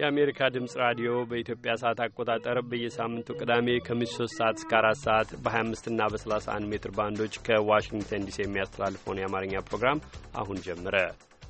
የአሜሪካ ድምፅ ራዲዮ በኢትዮጵያ ሰዓት አቆጣጠር በየሳምንቱ ቅዳሜ ከምሽት 3 ሰዓት እስከ 4 ሰዓት በ25 እና በ31 ሜትር ባንዶች ከዋሽንግተን ዲሲ የሚያስተላልፈውን የአማርኛ ፕሮግራም አሁን ጀመረ።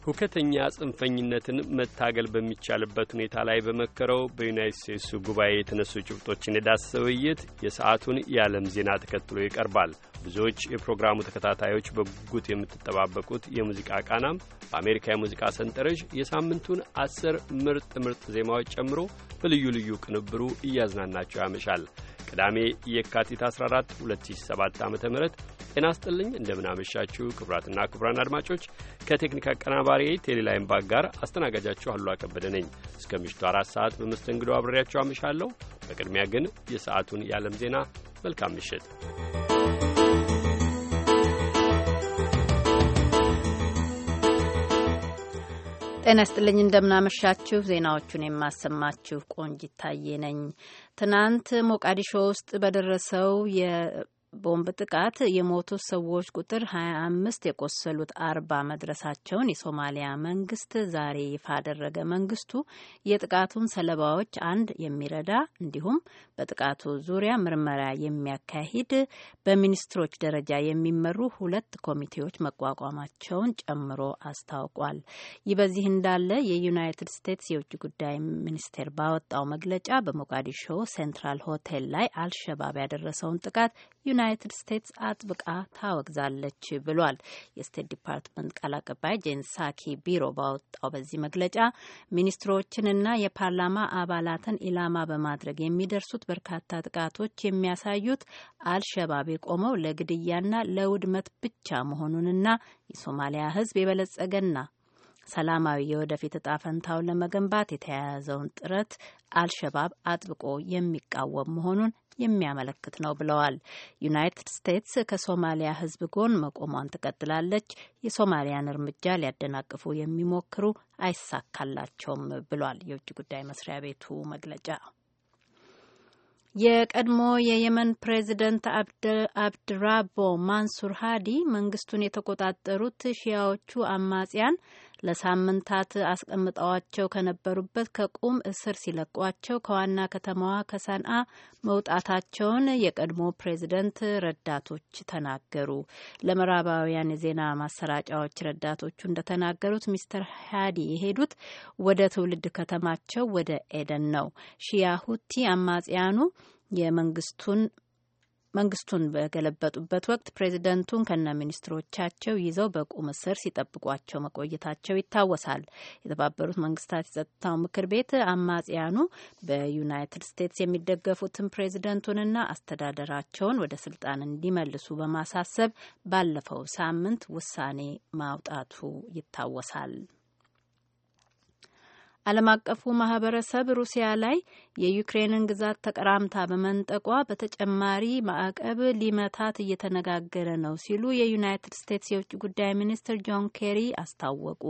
ሁከተኛ ጽንፈኝነትን መታገል በሚቻልበት ሁኔታ ላይ በመከረው በዩናይት ስቴትሱ ጉባኤ የተነሱ ጭብጦችን የዳሰሰ ውይይት የሰዓቱን የዓለም ዜና ተከትሎ ይቀርባል። ብዙዎች የፕሮግራሙ ተከታታዮች በጉጉት የምትጠባበቁት የሙዚቃ ቃናም በአሜሪካ የሙዚቃ ሰንጠረዥ የሳምንቱን አስር ምርጥ ምርጥ ዜማዎች ጨምሮ በልዩ ልዩ ቅንብሩ እያዝናናቸው ያመሻል። ቅዳሜ የካቲት 14 2007 ዓ ም ጤና ስጥልኝ። እንደምናመሻችሁ ክቡራትና ክቡራን አድማጮች ከቴክኒክ አቀናባሪ ቴሌላይም ጋር አስተናጋጃችሁ አሉ አከበደ ነኝ። እስከ ምሽቱ አራት ሰዓት በመስተንግዶ አብሬያችሁ አመሻለሁ። በቅድሚያ ግን የሰዓቱን የዓለም ዜና። መልካም ምሽት። ጤና ይስጥልኝ። እንደምናመሻችሁ። ዜናዎቹን የማሰማችሁ ቆንጅ ይታየ ነኝ። ትናንት ሞቃዲሾ ውስጥ በደረሰው ቦምብ ጥቃት የሞቱት ሰዎች ቁጥር 25 የቆሰሉት አርባ መድረሳቸውን የሶማሊያ መንግስት ዛሬ ይፋ አደረገ። መንግስቱ የጥቃቱን ሰለባዎች አንድ የሚረዳ እንዲሁም በጥቃቱ ዙሪያ ምርመራ የሚያካሂድ በሚኒስትሮች ደረጃ የሚመሩ ሁለት ኮሚቴዎች መቋቋማቸውን ጨምሮ አስታውቋል። ይህ በዚህ እንዳለ የዩናይትድ ስቴትስ የውጭ ጉዳይ ሚኒስቴር ባወጣው መግለጫ በሞቃዲሾ ሴንትራል ሆቴል ላይ አልሸባብ ያደረሰውን ጥቃት ዩናይትድ ስቴትስ አጥብቃ ታወግዛለች ብሏል። የስቴት ዲፓርትመንት ቃል አቀባይ ጄንሳኪ ሳኪ ቢሮ ባወጣው በዚህ መግለጫ ሚኒስትሮችንና የፓርላማ አባላትን ኢላማ በማድረግ የሚደርሱት በርካታ ጥቃቶች የሚያሳዩት አልሸባብ የቆመው ለግድያና ለውድመት ብቻ መሆኑንና የሶማሊያ ሕዝብ የበለጸገና ሰላማዊ የወደፊት እጣ ፈንታውን ለመገንባት የተያያዘውን ጥረት አልሸባብ አጥብቆ የሚቃወም መሆኑን የሚያመለክት ነው ብለዋል። ዩናይትድ ስቴትስ ከሶማሊያ ሕዝብ ጎን መቆሟን ትቀጥላለች። የሶማሊያን እርምጃ ሊያደናቅፉ የሚሞክሩ አይሳካላቸውም ብሏል የውጭ ጉዳይ መስሪያ ቤቱ መግለጫ። የቀድሞ የየመን ፕሬዚደንት አብድራቦ ማንሱር ሃዲ መንግስቱን የተቆጣጠሩት ሺያዎቹ አማጽያን ለሳምንታት አስቀምጠዋቸው ከነበሩበት ከቁም እስር ሲለቋቸው ከዋና ከተማዋ ከሰንአ መውጣታቸውን የቀድሞ ፕሬዚደንት ረዳቶች ተናገሩ። ለምዕራባውያን የዜና ማሰራጫዎች ረዳቶቹ እንደተናገሩት ሚስተር ሃዲ የሄዱት ወደ ትውልድ ከተማቸው ወደ ኤደን ነው። ሺያ ሁቲ አማጽያኑ የመንግስቱን መንግስቱን በገለበጡበት ወቅት ፕሬዚደንቱን ከነ ሚኒስትሮቻቸው ይዘው በቁም እስር ሲጠብቋቸው መቆየታቸው ይታወሳል። የተባበሩት መንግስታት የጸጥታው ምክር ቤት አማጽያኑ በዩናይትድ ስቴትስ የሚደገፉትን ፕሬዚደንቱንና አስተዳደራቸውን ወደ ስልጣን እንዲመልሱ በማሳሰብ ባለፈው ሳምንት ውሳኔ ማውጣቱ ይታወሳል። ዓለም አቀፉ ማህበረሰብ ሩሲያ ላይ የዩክሬንን ግዛት ተቀራምታ በመንጠቋ በተጨማሪ ማዕቀብ ሊመታት እየተነጋገረ ነው ሲሉ የዩናይትድ ስቴትስ የውጭ ጉዳይ ሚኒስትር ጆን ኬሪ አስታወቁ።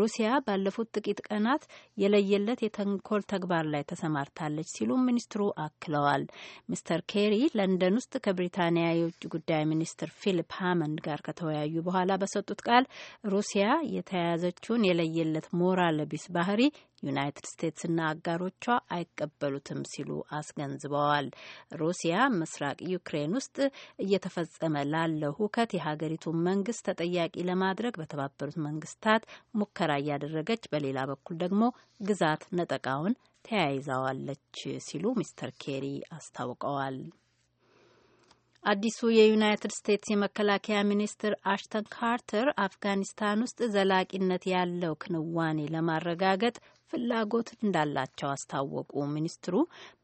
ሩሲያ ባለፉት ጥቂት ቀናት የለየለት የተንኮል ተግባር ላይ ተሰማርታለች ሲሉ ሚኒስትሩ አክለዋል። ሚስተር ኬሪ ለንደን ውስጥ ከብሪታንያ የውጭ ጉዳይ ሚኒስትር ፊሊፕ ሃመንድ ጋር ከተወያዩ በኋላ በሰጡት ቃል ሩሲያ የተያያዘችውን የለየለት ሞራል ቢስ ባህሪ ዩናይትድ ስቴትስና አጋሮቿ አይቀበሉትም ሲሉ አስገንዝበዋል። ሩሲያ ምስራቅ ዩክሬን ውስጥ እየተፈጸመ ላለው ሁከት የሀገሪቱን መንግስት ተጠያቂ ለማድረግ በተባበሩት መንግስታት ሙከራ እያደረገች፣ በሌላ በኩል ደግሞ ግዛት ነጠቃውን ተያይዛዋለች ሲሉ ሚስተር ኬሪ አስታውቀዋል። አዲሱ የዩናይትድ ስቴትስ የመከላከያ ሚኒስትር አሽተን ካርተር አፍጋኒስታን ውስጥ ዘላቂነት ያለው ክንዋኔ ለማረጋገጥ ፍላጎት እንዳላቸው አስታወቁ። ሚኒስትሩ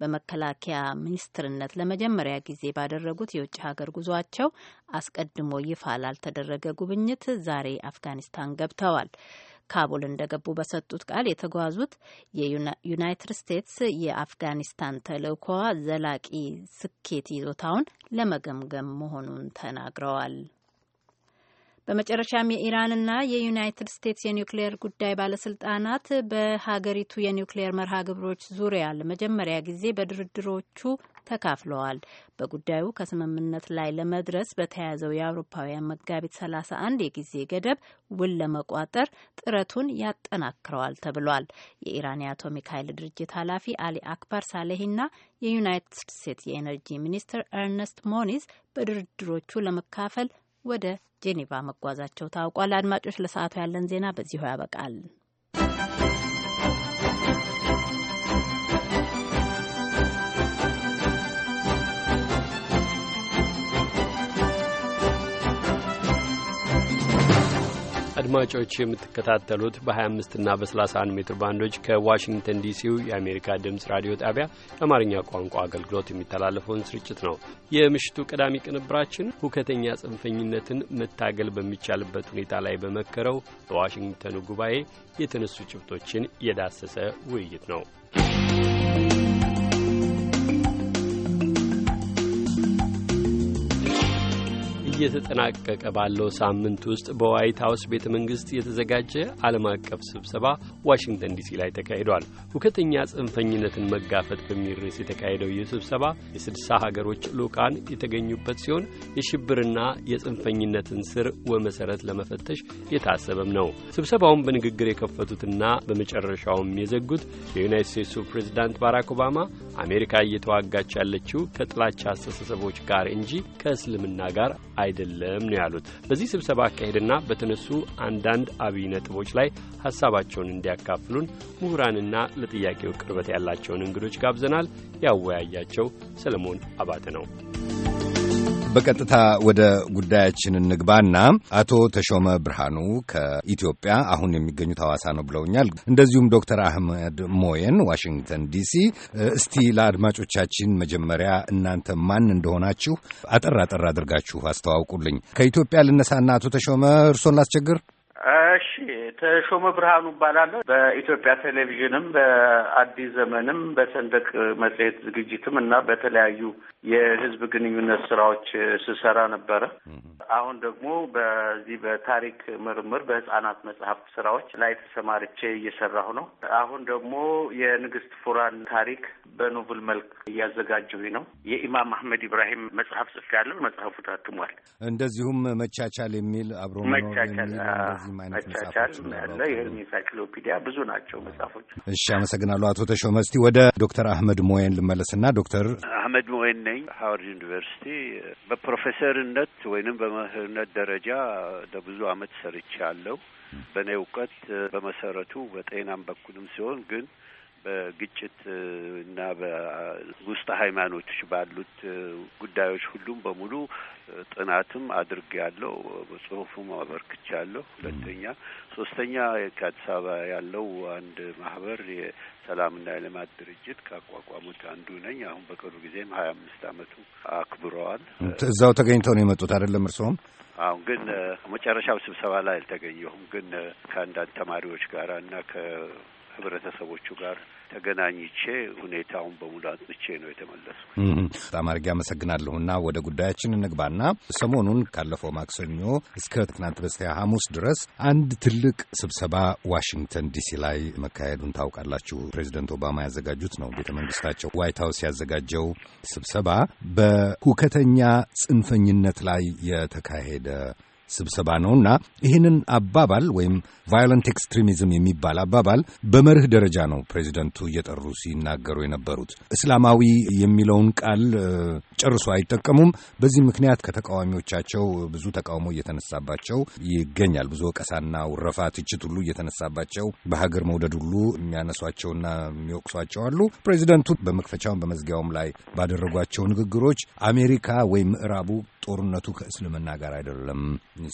በመከላከያ ሚኒስትርነት ለመጀመሪያ ጊዜ ባደረጉት የውጭ ሀገር ጉዟቸው አስቀድሞ ይፋ ላልተደረገ ጉብኝት ዛሬ አፍጋኒስታን ገብተዋል። ካቡል እንደገቡ በሰጡት ቃል የተጓዙት የዩናይትድ ስቴትስ የአፍጋኒስታን ተልእኮዋ ዘላቂ ስኬት ይዞታውን ለመገምገም መሆኑን ተናግረዋል። በመጨረሻም የኢራንና የዩናይትድ ስቴትስ የኒውክሌየር ጉዳይ ባለስልጣናት በሀገሪቱ የኒውክሌየር መርሃ ግብሮች ዙሪያ ለመጀመሪያ ጊዜ በድርድሮቹ ተካፍለዋል። በጉዳዩ ከስምምነት ላይ ለመድረስ በተያያዘው የአውሮፓውያን መጋቢት 31 የጊዜ ገደብ ውል ለመቋጠር ጥረቱን ያጠናክረዋል ተብሏል። የኢራን የአቶሚክ ኃይል ድርጅት ኃላፊ አሊ አክባር ሳሌሂና የዩናይትድ ስቴትስ የኤነርጂ ሚኒስትር ኤርነስት ሞኒዝ በድርድሮቹ ለመካፈል ወደ ጄኔቫ መጓዛቸው ታውቋል። አድማጮች፣ ለሰዓቱ ያለን ዜና በዚሁ ያበቃል። አድማጮች የምትከታተሉት በ25 እና በ31 ሜትር ባንዶች ከዋሽንግተን ዲሲው የአሜሪካ ድምፅ ራዲዮ ጣቢያ የአማርኛ ቋንቋ አገልግሎት የሚተላለፈውን ስርጭት ነው። የምሽቱ ቀዳሚ ቅንብራችን ሁከተኛ ጽንፈኝነትን መታገል በሚቻልበት ሁኔታ ላይ በመከረው በዋሽንግተኑ ጉባኤ የተነሱ ጭብጦችን የዳሰሰ ውይይት ነው። እየተጠናቀቀ ባለው ሳምንት ውስጥ በዋይት ሀውስ ቤተ መንግሥት የተዘጋጀ ዓለም አቀፍ ስብሰባ ዋሽንግተን ዲሲ ላይ ተካሂዷል። ሁከተኛ ጽንፈኝነትን መጋፈጥ በሚል ርዕስ የተካሄደው ይህ ስብሰባ የስድሳ ሀገሮች ልዑካን የተገኙበት ሲሆን የሽብርና የጽንፈኝነትን ስር ወመሠረት ለመፈተሽ የታሰበም ነው። ስብሰባውን በንግግር የከፈቱትና በመጨረሻውም የዘጉት የዩናይት ስቴትሱ ፕሬዚዳንት ባራክ ኦባማ አሜሪካ እየተዋጋች ያለችው ከጥላቻ አስተሳሰቦች ጋር እንጂ ከእስልምና ጋር አይ አይደለም ነው ያሉት። በዚህ ስብሰባ አካሄድና በተነሱ አንዳንድ አብይ ነጥቦች ላይ ሀሳባቸውን እንዲያካፍሉን ምሁራንና ለጥያቄው ቅርበት ያላቸውን እንግዶች ጋብዘናል። ያወያያቸው ሰለሞን አባተ ነው። በቀጥታ ወደ ጉዳያችን እንግባና አቶ ተሾመ ብርሃኑ ከኢትዮጵያ አሁን የሚገኙት ሐዋሳ ነው ብለውኛል። እንደዚሁም ዶክተር አህመድ ሞየን ዋሽንግተን ዲሲ። እስቲ ለአድማጮቻችን መጀመሪያ እናንተ ማን እንደሆናችሁ አጠር አጠር አድርጋችሁ አስተዋውቁልኝ። ከኢትዮጵያ ልነሳና አቶ ተሾመ እርሶን ላስቸግር። እሺ ተሾመ ብርሃኑ እባላለሁ። በኢትዮጵያ ቴሌቪዥንም በአዲስ ዘመንም በሰንደቅ መጽሔት ዝግጅትም እና በተለያዩ የህዝብ ግንኙነት ስራዎች ስሰራ ነበረ። አሁን ደግሞ በዚህ በታሪክ ምርምር በህጻናት መጽሐፍት ስራዎች ላይ ተሰማርቼ እየሰራሁ ነው። አሁን ደግሞ የንግስት ፉራን ታሪክ በኖቭል መልክ እያዘጋጀሁኝ ነው። የኢማም አህመድ ኢብራሂም መጽሐፍ ጽፌያለሁ። መጽሐፉ ታትሟል። እንደዚሁም መቻቻል የሚል አብሮ መቻቻል የሚል እንደዚህም አይነት መጽሐፍ ይቻል ያለ የህልም ኢንሳይክሎፒዲያ ብዙ ናቸው መጽሐፎች። እሺ፣ አመሰግናለሁ አቶ ተሾመ። እስቲ ወደ ዶክተር አህመድ ሞየን ልመለስና ዶክተር አህመድ ሞየን ነኝ ሀዋርድ ዩኒቨርሲቲ በፕሮፌሰርነት ወይንም በመምህርነት ደረጃ ለብዙ አመት ሰርቻለሁ። በእኔ እውቀት በመሰረቱ በጤናም በኩልም ሲሆን ግን በግጭት እና በውስጥ ሃይማኖቶች ባሉት ጉዳዮች ሁሉም በሙሉ ጥናትም አድርግ ያለው በጽሁፉም አበርክቻለሁ። ሁለተኛ ሶስተኛ ከአዲስ አበባ ያለው አንድ ማህበር የሰላምና የልማት ድርጅት ካቋቋሙት አንዱ ነኝ። አሁን በቅርቡ ጊዜም ሀያ አምስት አመቱ አክብረዋል። እዛው ተገኝተው ነው የመጡት አይደለም እርስዎም? አሁን ግን መጨረሻው ስብሰባ ላይ አልተገኘሁም፣ ግን ከአንዳንድ ተማሪዎች ጋር እና ከህብረተሰቦቹ ጋር ተገናኝቼ ሁኔታውን በሙሉ አጥንቼ ነው የተመለስኩ። በጣም አድርጌ አመሰግናለሁና ወደ ጉዳያችን እንግባና ሰሞኑን ካለፈው ማክሰኞ እስከ ትናንት በስቲያ ሐሙስ ድረስ አንድ ትልቅ ስብሰባ ዋሽንግተን ዲሲ ላይ መካሄዱን ታውቃላችሁ። ፕሬዚደንት ኦባማ ያዘጋጁት ነው። ቤተ መንግስታቸው ዋይት ሀውስ ያዘጋጀው ስብሰባ በሁከተኛ ጽንፈኝነት ላይ የተካሄደ ስብሰባ ነውና ይህንን አባባል ወይም ቫዮለንት ኤክስትሪሚዝም የሚባል አባባል በመርህ ደረጃ ነው ፕሬዚደንቱ እየጠሩ ሲናገሩ የነበሩት። እስላማዊ የሚለውን ቃል ጨርሶ አይጠቀሙም። በዚህ ምክንያት ከተቃዋሚዎቻቸው ብዙ ተቃውሞ እየተነሳባቸው ይገኛል። ብዙ ወቀሳና ውረፋ፣ ትችት ሁሉ እየተነሳባቸው በሀገር መውደድ ሁሉ የሚያነሷቸውና የሚወቅሷቸው አሉ። ፕሬዚደንቱ በመክፈቻውም በመዝጊያውም ላይ ባደረጓቸው ንግግሮች አሜሪካ ወይም ምዕራቡ ጦርነቱ ከእስልምና ጋር አይደለም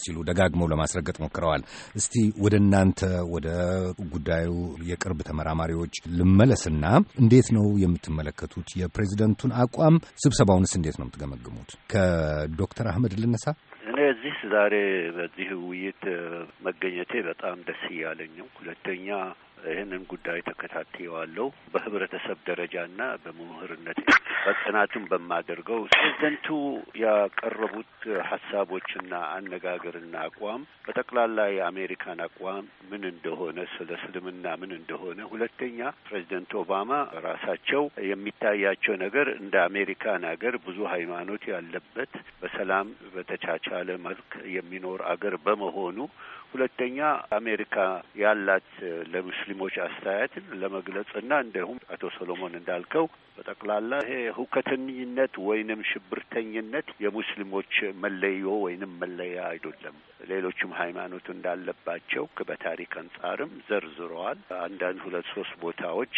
ሲሉ ደጋግመው ለማስረገጥ ሞክረዋል። እስቲ ወደ እናንተ ወደ ጉዳዩ የቅርብ ተመራማሪዎች ልመለስና እንዴት ነው የምትመለከቱት የፕሬዚደንቱን አቋም ስብሰባውን እንዴት ነው የምትገመግሙት? ከዶክተር አህመድ ልነሳ። ስለዚህ ዛሬ በዚህ ውይይት መገኘቴ በጣም ደስ እያለኝ ነው። ሁለተኛ ይህንን ጉዳይ ተከታትየዋለሁ በህብረተሰብ ደረጃና በምሁርነት በጥናቱም በማደርገው ፕሬዚደንቱ ያቀረቡት ሀሳቦችና አነጋገርና አቋም በጠቅላላ የአሜሪካን አቋም ምን እንደሆነ ስለ እስልምና ምን እንደሆነ፣ ሁለተኛ ፕሬዝደንት ኦባማ ራሳቸው የሚታያቸው ነገር እንደ አሜሪካን ሀገር ብዙ ሃይማኖት ያለበት በሰላም በተቻቻለ መልክ የሚኖር አገር በመሆኑ፣ ሁለተኛ አሜሪካ ያላት ለሙስሊሞች ለመግለጽ ለመግለጽና እንዲሁም አቶ ሰሎሞን እንዳልከው በጠቅላላ ይሄ ሁከተኝነት ወይንም ሽብርተኝነት የሙስሊሞች መለዮ ወይንም መለያ አይደለም። ሌሎችም ሃይማኖት እንዳለባቸው በታሪክ አንጻርም ዘርዝረዋል። አንዳንድ ሁለት ሶስት ቦታዎች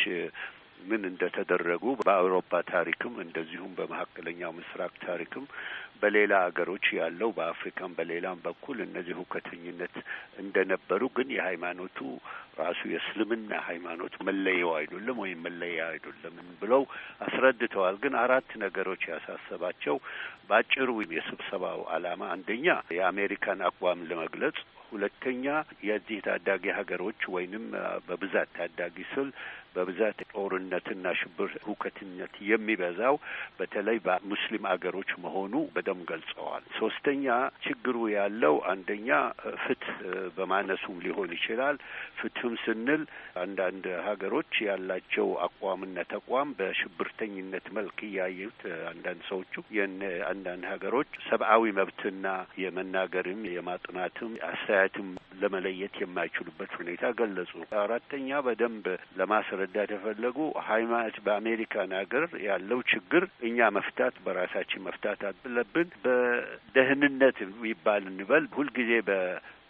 ምን እንደተደረጉ በአውሮፓ ታሪክም እንደዚሁም በመካከለኛው ምስራቅ ታሪክም በሌላ ሀገሮች ያለው በአፍሪካም በሌላም በኩል እነዚህ ሁከተኝነት እንደነበሩ ግን የሃይማኖቱ ራሱ የእስልምና ሃይማኖት መለየው አይደለም ወይም መለያ አይደለም ብለው አስረድተዋል። ግን አራት ነገሮች ያሳሰባቸው በአጭሩ የስብሰባው ዓላማ አንደኛ የአሜሪካን አቋም ለመግለጽ ሁለተኛ የዚህ ታዳጊ ሀገሮች ወይንም በብዛት ታዳጊ ስል በብዛት ጦርነትና ሽብር ሁከትነት የሚበዛው በተለይ በሙስሊም አገሮች መሆኑ በደም ገልጸዋል። ሶስተኛ ችግሩ ያለው አንደኛ ፍትህ በማነሱም ሊሆን ይችላል። ፍትህም ስንል አንዳንድ ሀገሮች ያላቸው አቋምና ተቋም በሽብርተኝነት መልክ እያዩት አንዳንድ ሰዎቹ የነ አንዳንድ ሀገሮች ሰብአዊ መብትና የመናገርም የማጥናትም አስተያ አስተያየትም ለመለየት የማይችሉበት ሁኔታ ገለጹ። አራተኛ በደንብ ለማስረዳት የፈለጉ ሃይማኖት በአሜሪካን ሀገር ያለው ችግር እኛ መፍታት በራሳችን መፍታት አለብን። በደህንነት ይባል እንበል ሁልጊዜ በ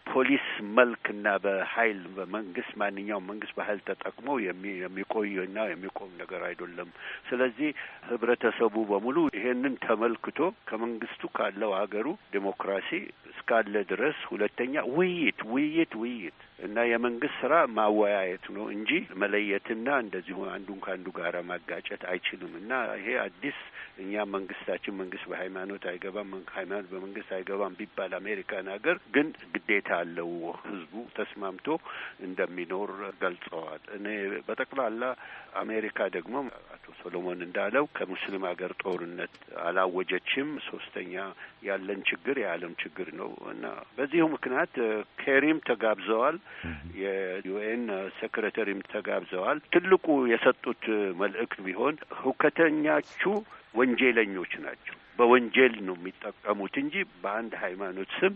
በፖሊስ መልክና በኃይል በመንግስት ማንኛውም መንግስት በኃይል ተጠቅሞ የሚቆይና የሚቆም ነገር አይደለም። ስለዚህ ህብረተሰቡ በሙሉ ይሄንን ተመልክቶ ከመንግስቱ ካለው ሀገሩ ዴሞክራሲ እስካለ ድረስ ሁለተኛ ውይይት ውይይት ውይይት እና የመንግስት ስራ ማወያየት ነው እንጂ መለየትና እንደዚሁ አንዱን ከአንዱ ጋር ማጋጨት አይችልም። እና ይሄ አዲስ እኛ መንግስታችን መንግስት በሃይማኖት አይገባም፣ ሃይማኖት በመንግስት አይገባም ቢባል አሜሪካን ሀገር ግን ግዴታ አለው ህዝቡ ተስማምቶ እንደሚኖር ገልጸዋል። እኔ በጠቅላላ አሜሪካ ደግሞ አቶ ሶሎሞን እንዳለው ከሙስሊም ሀገር ጦርነት አላወጀችም። ሶስተኛ ያለን ችግር የዓለም ችግር ነው እና በዚሁ ምክንያት ኬሪም uh, ተጋብዘዋል፣ የዩኤን ሴክሬተሪም uh, ተጋብዘዋል። ትልቁ የሰጡት uh, መልእክት ቢሆን ሁከተኛቹ ወንጀለኞች ናቸው፣ በወንጀል ነው የሚጠቀሙት እንጂ በአንድ ሃይማኖት ስም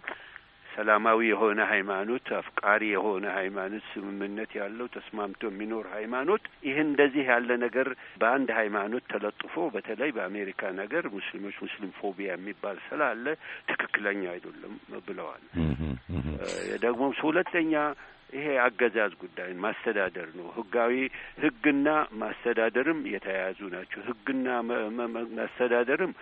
ሰላማዊ የሆነ ሃይማኖት፣ አፍቃሪ የሆነ ሃይማኖት፣ ስምምነት ያለው ተስማምቶ የሚኖር ሃይማኖት። ይህ እንደዚህ ያለ ነገር በአንድ ሃይማኖት ተለጥፎ በተለይ በአሜሪካ ነገር ሙስሊሞች ሙስሊም ፎቢያ የሚባል ስላለ ትክክለኛ አይደለም ብለዋል። ደግሞ ሁለተኛ ይሄ አገዛዝ ጉዳይ ማስተዳደር ነው። ህጋዊ ህግና ማስተዳደርም የተያያዙ ናቸው። ህግና ማስተዳደርም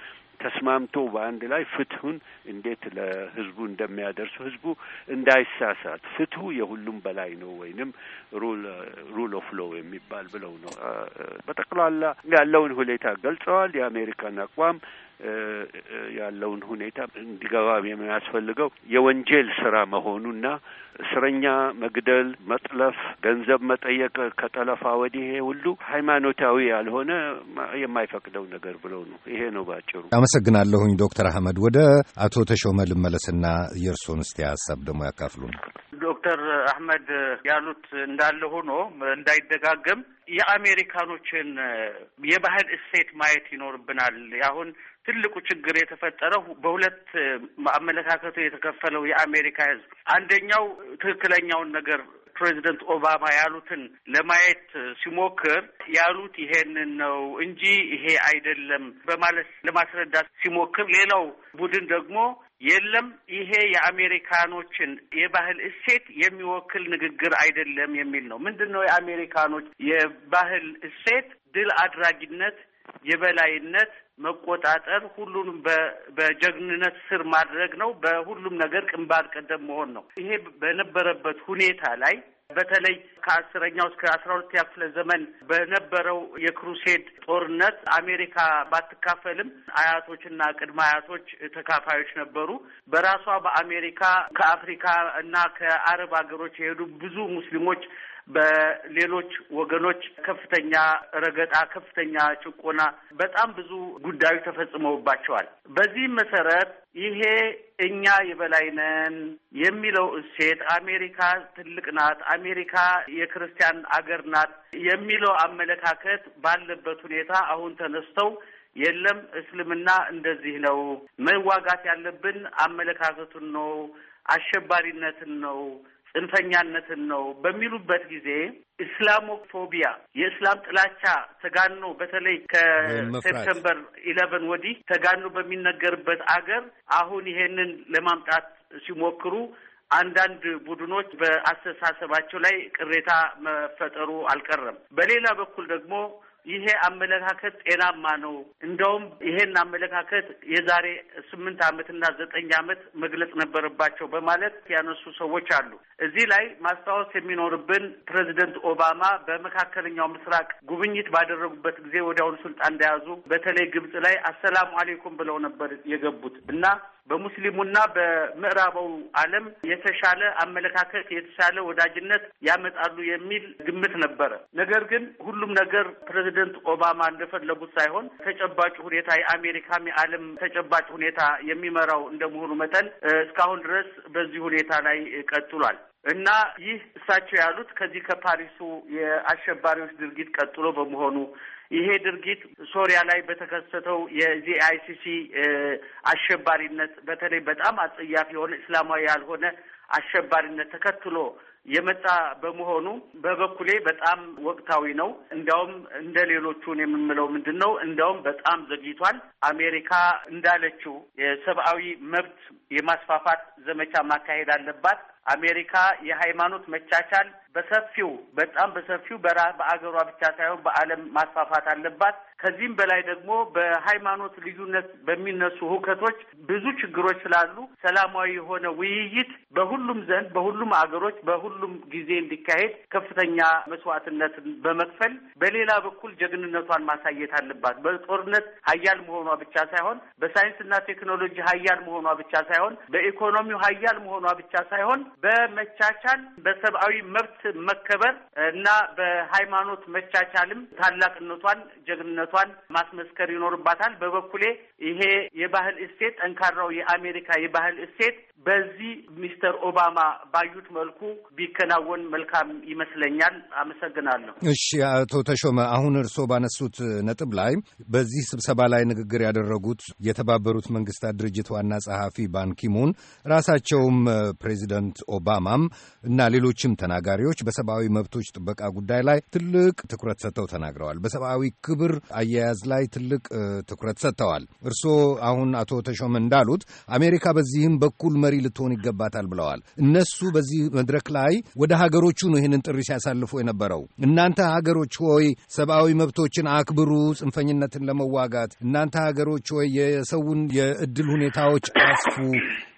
ተስማምቶ በአንድ ላይ ፍትሁን እንዴት ለህዝቡ እንደሚያደርሱ ህዝቡ እንዳይሳሳት ፍትሁ የሁሉም በላይ ነው ወይንም ሩል ኦፍ ሎው የሚባል ብለው ነው በጠቅላላ ያለውን ሁኔታ ገልጸዋል። የአሜሪካን አቋም ያለውን ሁኔታ እንዲገባ የሚያስፈልገው የወንጀል ስራ መሆኑና እስረኛ መግደል፣ መጥለፍ፣ ገንዘብ መጠየቅ ከጠለፋ ወዲህ ይሄ ሁሉ ሃይማኖታዊ ያልሆነ የማይፈቅደው ነገር ብለው ነው። ይሄ ነው ባጭሩ። አመሰግናለሁኝ ዶክተር አህመድ። ወደ አቶ ተሾመ ልመለስና የእርስዎን እስቲ ሀሳብ ደግሞ ያካፍሉን። ዶክተር አህመድ ያሉት እንዳለ ሆኖ እንዳይደጋገም የአሜሪካኖችን የባህል እሴት ማየት ይኖርብናል። አሁን ትልቁ ችግር የተፈጠረው በሁለት አመለካከቱ የተከፈለው የአሜሪካ ህዝብ አንደኛው ትክክለኛውን ነገር ፕሬዚደንት ኦባማ ያሉትን ለማየት ሲሞክር ያሉት ይሄንን ነው እንጂ ይሄ አይደለም በማለት ለማስረዳት ሲሞክር፣ ሌላው ቡድን ደግሞ የለም ይሄ የአሜሪካኖችን የባህል እሴት የሚወክል ንግግር አይደለም የሚል ነው። ምንድን ነው የአሜሪካኖች የባህል እሴት ድል አድራጊነት የበላይነት መቆጣጠር፣ ሁሉን በጀግንነት ስር ማድረግ ነው። በሁሉም ነገር ግንባር ቀደም መሆን ነው። ይሄ በነበረበት ሁኔታ ላይ በተለይ ከአስረኛው እስከ አስራ ሁለተኛ ክፍለ ዘመን በነበረው የክሩሴድ ጦርነት አሜሪካ ባትካፈልም አያቶችና ቅድመ አያቶች ተካፋዮች ነበሩ። በራሷ በአሜሪካ ከአፍሪካ እና ከአረብ ሀገሮች የሄዱ ብዙ ሙስሊሞች በሌሎች ወገኖች ከፍተኛ ረገጣ፣ ከፍተኛ ጭቆና፣ በጣም ብዙ ጉዳዮች ተፈጽመውባቸዋል። በዚህም መሰረት ይሄ እኛ የበላይነን የሚለው እሴት አሜሪካ ትልቅ ናት፣ አሜሪካ የክርስቲያን አገር ናት የሚለው አመለካከት ባለበት ሁኔታ አሁን ተነስተው የለም እስልምና እንደዚህ ነው፣ መዋጋት ያለብን አመለካከቱን ነው፣ አሸባሪነትን ነው ጽንፈኛነትን ነው በሚሉበት ጊዜ ኢስላሞፎቢያ የእስላም ጥላቻ ተጋኖ በተለይ ከሴፕተምበር ኢለቨን ወዲህ ተጋኖ በሚነገርበት አገር አሁን ይሄንን ለማምጣት ሲሞክሩ አንዳንድ ቡድኖች በአስተሳሰባቸው ላይ ቅሬታ መፈጠሩ አልቀረም። በሌላ በኩል ደግሞ ይሄ አመለካከት ጤናማ ነው። እንደውም ይሄን አመለካከት የዛሬ ስምንት ዓመትና ዘጠኝ ዓመት መግለጽ ነበረባቸው በማለት ያነሱ ሰዎች አሉ። እዚህ ላይ ማስታወስ የሚኖርብን ፕሬዚደንት ኦባማ በመካከለኛው ምስራቅ ጉብኝት ባደረጉበት ጊዜ ወዲያውኑ ስልጣን እንደያዙ በተለይ ግብጽ ላይ አሰላሙ አሌይኩም ብለው ነበር የገቡት እና በሙስሊሙና በምዕራባዊ ዓለም የተሻለ አመለካከት የተሻለ ወዳጅነት ያመጣሉ የሚል ግምት ነበረ። ነገር ግን ሁሉም ነገር ፕሬዚደንት ኦባማ እንደፈለጉት ሳይሆን ተጨባጭ ሁኔታ የአሜሪካም የዓለም ተጨባጭ ሁኔታ የሚመራው እንደመሆኑ መጠን እስካሁን ድረስ በዚህ ሁኔታ ላይ ቀጥሏል እና ይህ እሳቸው ያሉት ከዚህ ከፓሪሱ የአሸባሪዎች ድርጊት ቀጥሎ በመሆኑ ይሄ ድርጊት ሶሪያ ላይ በተከሰተው የዚህ አይሲሲ አሸባሪነት በተለይ በጣም አጸያፊ የሆነ እስላማዊ ያልሆነ አሸባሪነት ተከትሎ የመጣ በመሆኑ በበኩሌ በጣም ወቅታዊ ነው። እንዲያውም እንደ ሌሎቹን የምንለው ምንድን ነው፣ እንዲያውም በጣም ዘግይቷል። አሜሪካ እንዳለችው የሰብአዊ መብት የማስፋፋት ዘመቻ ማካሄድ አለባት። አሜሪካ የሃይማኖት መቻቻል በሰፊው በጣም በሰፊው በአገሯ ብቻ ሳይሆን በዓለም ማስፋፋት አለባት። ከዚህም በላይ ደግሞ በሃይማኖት ልዩነት በሚነሱ ሁከቶች ብዙ ችግሮች ስላሉ ሰላማዊ የሆነ ውይይት በሁሉም ዘንድ በሁሉም አገሮች በሁሉም ጊዜ እንዲካሄድ ከፍተኛ መስዋዕትነት በመክፈል በሌላ በኩል ጀግንነቷን ማሳየት አለባት። በጦርነት ሀያል መሆኗ ብቻ ሳይሆን በሳይንስና ቴክኖሎጂ ሀያል መሆኗ ብቻ ሳይሆን በኢኮኖሚው ሀያል መሆኗ ብቻ ሳይሆን በመቻቻል በሰብአዊ መብት መከበር እና በሃይማኖት መቻቻልም ታላቅነቷን ጀግንነቷ መሰረቷን ማስመስከር ይኖርባታል። በበኩሌ ይሄ የባህል እሴት ጠንካራው የአሜሪካ የባህል እሴት በዚህ ሚስተር ኦባማ ባዩት መልኩ ቢከናወን መልካም ይመስለኛል። አመሰግናለሁ። እሺ፣ አቶ ተሾመ አሁን እርስዎ ባነሱት ነጥብ ላይ በዚህ ስብሰባ ላይ ንግግር ያደረጉት የተባበሩት መንግስታት ድርጅት ዋና ጸሐፊ ባንኪሙን ራሳቸውም ፕሬዚደንት ኦባማም እና ሌሎችም ተናጋሪዎች በሰብአዊ መብቶች ጥበቃ ጉዳይ ላይ ትልቅ ትኩረት ሰጥተው ተናግረዋል። በሰብአዊ ክብር አያያዝ ላይ ትልቅ ትኩረት ሰጥተዋል። እርስዎ አሁን አቶ ተሾመ እንዳሉት አሜሪካ በዚህም በኩል መሪ ልትሆን ይገባታል ብለዋል። እነሱ በዚህ መድረክ ላይ ወደ ሀገሮቹ ነው ይህንን ጥሪ ሲያሳልፉ የነበረው። እናንተ ሀገሮች ሆይ ሰብአዊ መብቶችን አክብሩ ጽንፈኝነትን ለመዋጋት እናንተ ሀገሮች ሆይ የሰውን የእድል ሁኔታዎች አስፉ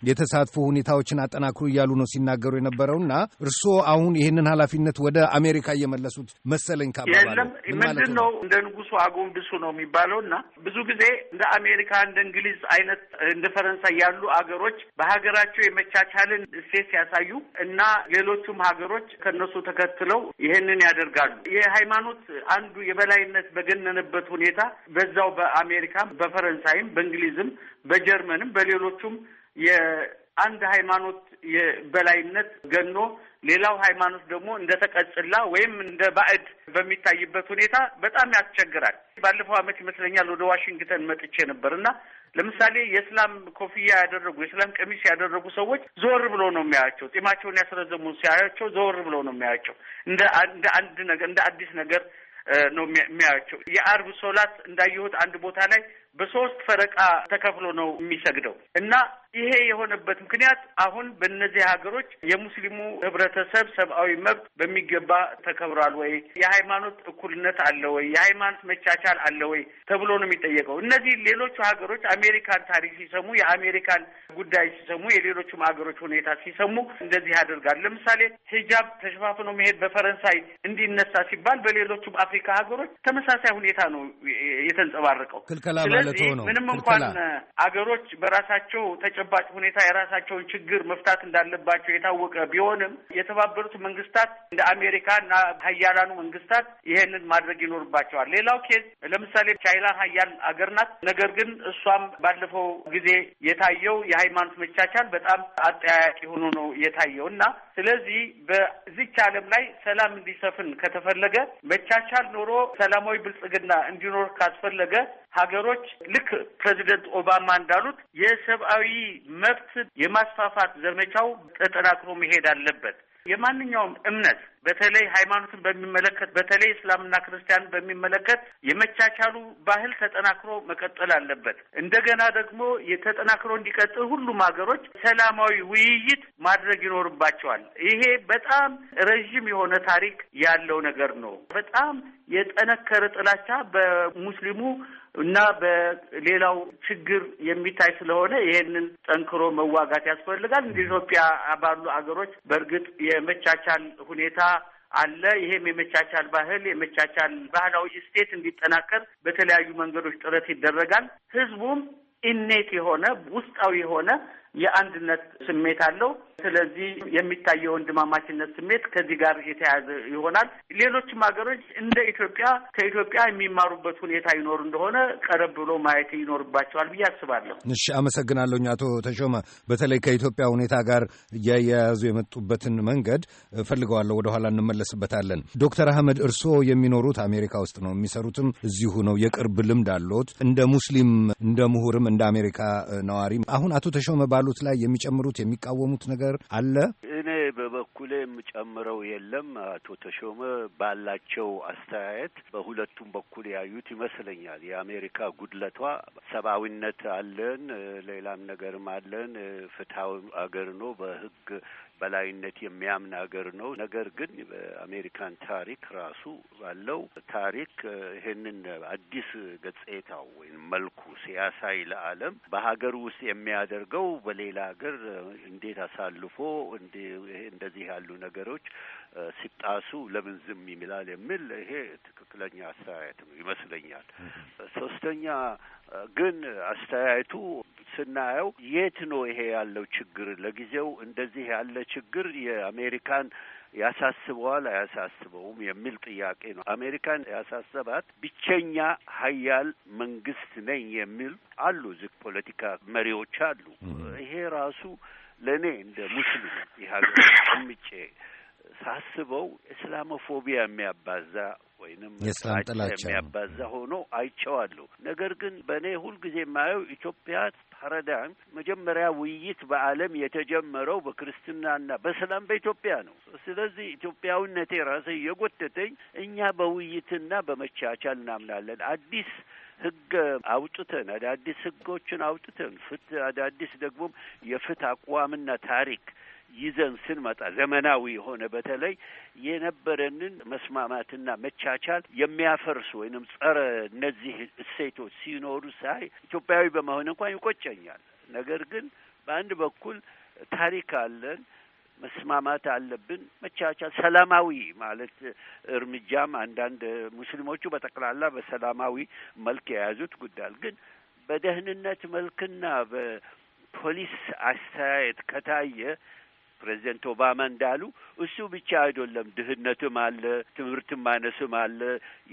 የተሳትፎ ሁኔታዎችን አጠናክሩ እያሉ ነው ሲናገሩ የነበረውና እርስዎ አሁን ይህንን ኃላፊነት ወደ አሜሪካ እየመለሱት መሰለኝ። ካባባለም ምንድን ነው እንደ ንጉሱ አጎንብሱ ነው የሚባለው እና ብዙ ጊዜ እንደ አሜሪካ እንደ እንግሊዝ አይነት እንደ ፈረንሳይ ያሉ አገሮች በሀገራቸው የመቻቻልን እሴት ሲያሳዩ እና ሌሎቹም ሀገሮች ከነሱ ተከትለው ይህንን ያደርጋሉ። የሃይማኖት አንዱ የበላይነት በገነነበት ሁኔታ በዛው በአሜሪካም፣ በፈረንሳይም፣ በእንግሊዝም፣ በጀርመንም በሌሎቹም የአንድ ሃይማኖት የበላይነት ገኖ ሌላው ሃይማኖት ደግሞ እንደ ተቀጽላ ወይም እንደ ባዕድ በሚታይበት ሁኔታ በጣም ያስቸግራል። ባለፈው ዓመት ይመስለኛል ወደ ዋሽንግተን መጥቼ ነበር እና ለምሳሌ የእስላም ኮፍያ ያደረጉ የእስላም ቀሚስ ያደረጉ ሰዎች ዞር ብሎ ነው የሚያያቸው። ጢማቸውን ያስረዘሙ ሲያያቸው ዞር ብሎ ነው የሚያያቸው። እንደ አንድ ነገር እንደ አዲስ ነገር ነው የሚያያቸው። የአርብ ሶላት እንዳየሁት አንድ ቦታ ላይ በሶስት ፈረቃ ተከፍሎ ነው የሚሰግደው እና ይሄ የሆነበት ምክንያት አሁን በእነዚህ ሀገሮች የሙስሊሙ ህብረተሰብ ሰብአዊ መብት በሚገባ ተከብሯል ወይ፣ የሃይማኖት እኩልነት አለ ወይ፣ የሃይማኖት መቻቻል አለ ወይ ተብሎ ነው የሚጠየቀው። እነዚህ ሌሎቹ ሀገሮች አሜሪካን ታሪክ ሲሰሙ፣ የአሜሪካን ጉዳይ ሲሰሙ፣ የሌሎቹም ሀገሮች ሁኔታ ሲሰሙ እንደዚህ ያደርጋል። ለምሳሌ ሂጃብ ተሸፋፍኖ መሄድ በፈረንሳይ እንዲነሳ ሲባል በሌሎቹም አፍሪካ ሀገሮች ተመሳሳይ ሁኔታ ነው የተንጸባረቀው። ስለዚህ ምንም እንኳን አገሮች በራሳቸው በተጨባጭ ሁኔታ የራሳቸውን ችግር መፍታት እንዳለባቸው የታወቀ ቢሆንም የተባበሩት መንግስታት እንደ አሜሪካ እና ሀያላኑ መንግስታት ይሄንን ማድረግ ይኖርባቸዋል። ሌላው ኬዝ ለምሳሌ ቻይና ሀያል አገር ናት። ነገር ግን እሷም ባለፈው ጊዜ የታየው የሃይማኖት መቻቻል በጣም አጠያያቂ ሆኖ ነው የታየው እና ስለዚህ በዚች ዓለም ላይ ሰላም እንዲሰፍን ከተፈለገ መቻቻል ኖሮ ሰላማዊ ብልጽግና እንዲኖር ካስፈለገ ሀገሮች ልክ ፕሬዚደንት ኦባማ እንዳሉት የሰብአዊ መብት የማስፋፋት ዘመቻው ተጠናክሮ መሄድ አለበት። የማንኛውም እምነት በተለይ ሃይማኖትን በሚመለከት በተለይ እስላምና ክርስቲያንን በሚመለከት የመቻቻሉ ባህል ተጠናክሮ መቀጠል አለበት። እንደገና ደግሞ የተጠናክሮ እንዲቀጥል ሁሉም ሀገሮች ሰላማዊ ውይይት ማድረግ ይኖርባቸዋል። ይሄ በጣም ረዥም የሆነ ታሪክ ያለው ነገር ነው። በጣም የጠነከረ ጥላቻ በሙስሊሙ እና በሌላው ችግር የሚታይ ስለሆነ ይሄንን ጠንክሮ መዋጋት ያስፈልጋል። እንደ ኢትዮጵያ ባሉ አገሮች በእርግጥ የመቻቻል ሁኔታ አለ። ይሄም የመቻቻል ባህል የመቻቻል ባህላዊ ስቴት እንዲጠናከር በተለያዩ መንገዶች ጥረት ይደረጋል። ህዝቡም ኢኔት የሆነ ውስጣዊ የሆነ የአንድነት ስሜት አለው። ስለዚህ የሚታየው ወንድማማችነት ስሜት ከዚህ ጋር የተያያዘ ይሆናል። ሌሎችም ሀገሮች እንደ ኢትዮጵያ ከኢትዮጵያ የሚማሩበት ሁኔታ ይኖር እንደሆነ ቀረብ ብሎ ማየት ይኖርባቸዋል ብዬ አስባለሁ። እሺ፣ አመሰግናለሁኝ አቶ ተሾመ። በተለይ ከኢትዮጵያ ሁኔታ ጋር እያያያዙ የመጡበትን መንገድ ፈልገዋለሁ። ወደኋላ እንመለስበታለን። ዶክተር አህመድ እርስዎ የሚኖሩት አሜሪካ ውስጥ ነው፣ የሚሰሩትም እዚሁ ነው። የቅርብ ልምድ አለዎት እንደ ሙስሊም እንደ ምሁርም እንደ አሜሪካ ነዋሪም። አሁን አቶ ተሾመ ባሉት ላይ የሚጨምሩት የሚቃወሙት ነገር ነገር አለ? እኔ በበኩሌ የምጨምረው የለም። አቶ ተሾመ ባላቸው አስተያየት በሁለቱም በኩል ያዩት ይመስለኛል። የአሜሪካ ጉድለቷ ሰብአዊነት አለን፣ ሌላም ነገርም አለን። ፍትሐዊ አገር ነው በህግ በላይነት የሚያምን ሀገር ነው። ነገር ግን በአሜሪካን ታሪክ ራሱ ባለው ታሪክ ይህንን አዲስ ገጽታው ወይም መልኩ ሲያሳይ ለዓለም በሀገር ውስጥ የሚያደርገው በሌላ ሀገር እንዴት አሳልፎ እንደዚህ ያሉ ነገሮች ሲጣሱ ለምን ዝም ይላል የሚል ይሄ ትክክለኛ አስተያየት ነው ይመስለኛል። ሶስተኛ ግን አስተያየቱ ስናየው የት ነው ይሄ ያለው ችግር? ለጊዜው እንደዚህ ያለ ችግር የአሜሪካን ያሳስበዋል አያሳስበውም የሚል ጥያቄ ነው። አሜሪካን ያሳሰባት ብቸኛ ሀያል መንግስት ነኝ የሚል አሉ ዝግ ፖለቲካ መሪዎች አሉ። ይሄ ራሱ ለእኔ እንደ ሙስሊም የሀገር ቀምጬ ሳስበው እስላሞፎቢያ የሚያባዛ ወይንም የስላም ጥላቻ የሚያባዛ ሆኖ አይቼዋለሁ። ነገር ግን በእኔ ሁልጊዜ የማየው ኢትዮጵያ ፓራዳይም መጀመሪያ ውይይት በዓለም የተጀመረው በክርስትናና በሰላም በኢትዮጵያ ነው። ስለዚህ ኢትዮጵያዊነቴ ራሴ እየጎተተኝ እኛ በውይይትና በመቻቻል እናምናለን አዲስ ህግ አውጥተን አዳዲስ ህጎችን አውጥተን ፍትህ አዳዲስ ደግሞ የፍትህ አቋምና ታሪክ ይዘን ስንመጣ ዘመናዊ የሆነ በተለይ የነበረንን መስማማትና መቻቻል የሚያፈርሱ ወይንም ጸረ እነዚህ እሴቶች ሲኖሩ ሳይ ኢትዮጵያዊ በመሆን እንኳን ይቆጨኛል። ነገር ግን በአንድ በኩል ታሪክ አለን መስማማት አለብን። መቻቻል፣ ሰላማዊ ማለት እርምጃም አንዳንድ ሙስሊሞቹ በጠቅላላ በሰላማዊ መልክ የያዙት ጉዳይ ግን በደህንነት መልክና በፖሊስ አስተያየት ከታየ ፕሬዚደንት ኦባማ እንዳሉ እሱ ብቻ አይደለም። ድህነትም አለ፣ ትምህርትም ማነስም አለ፣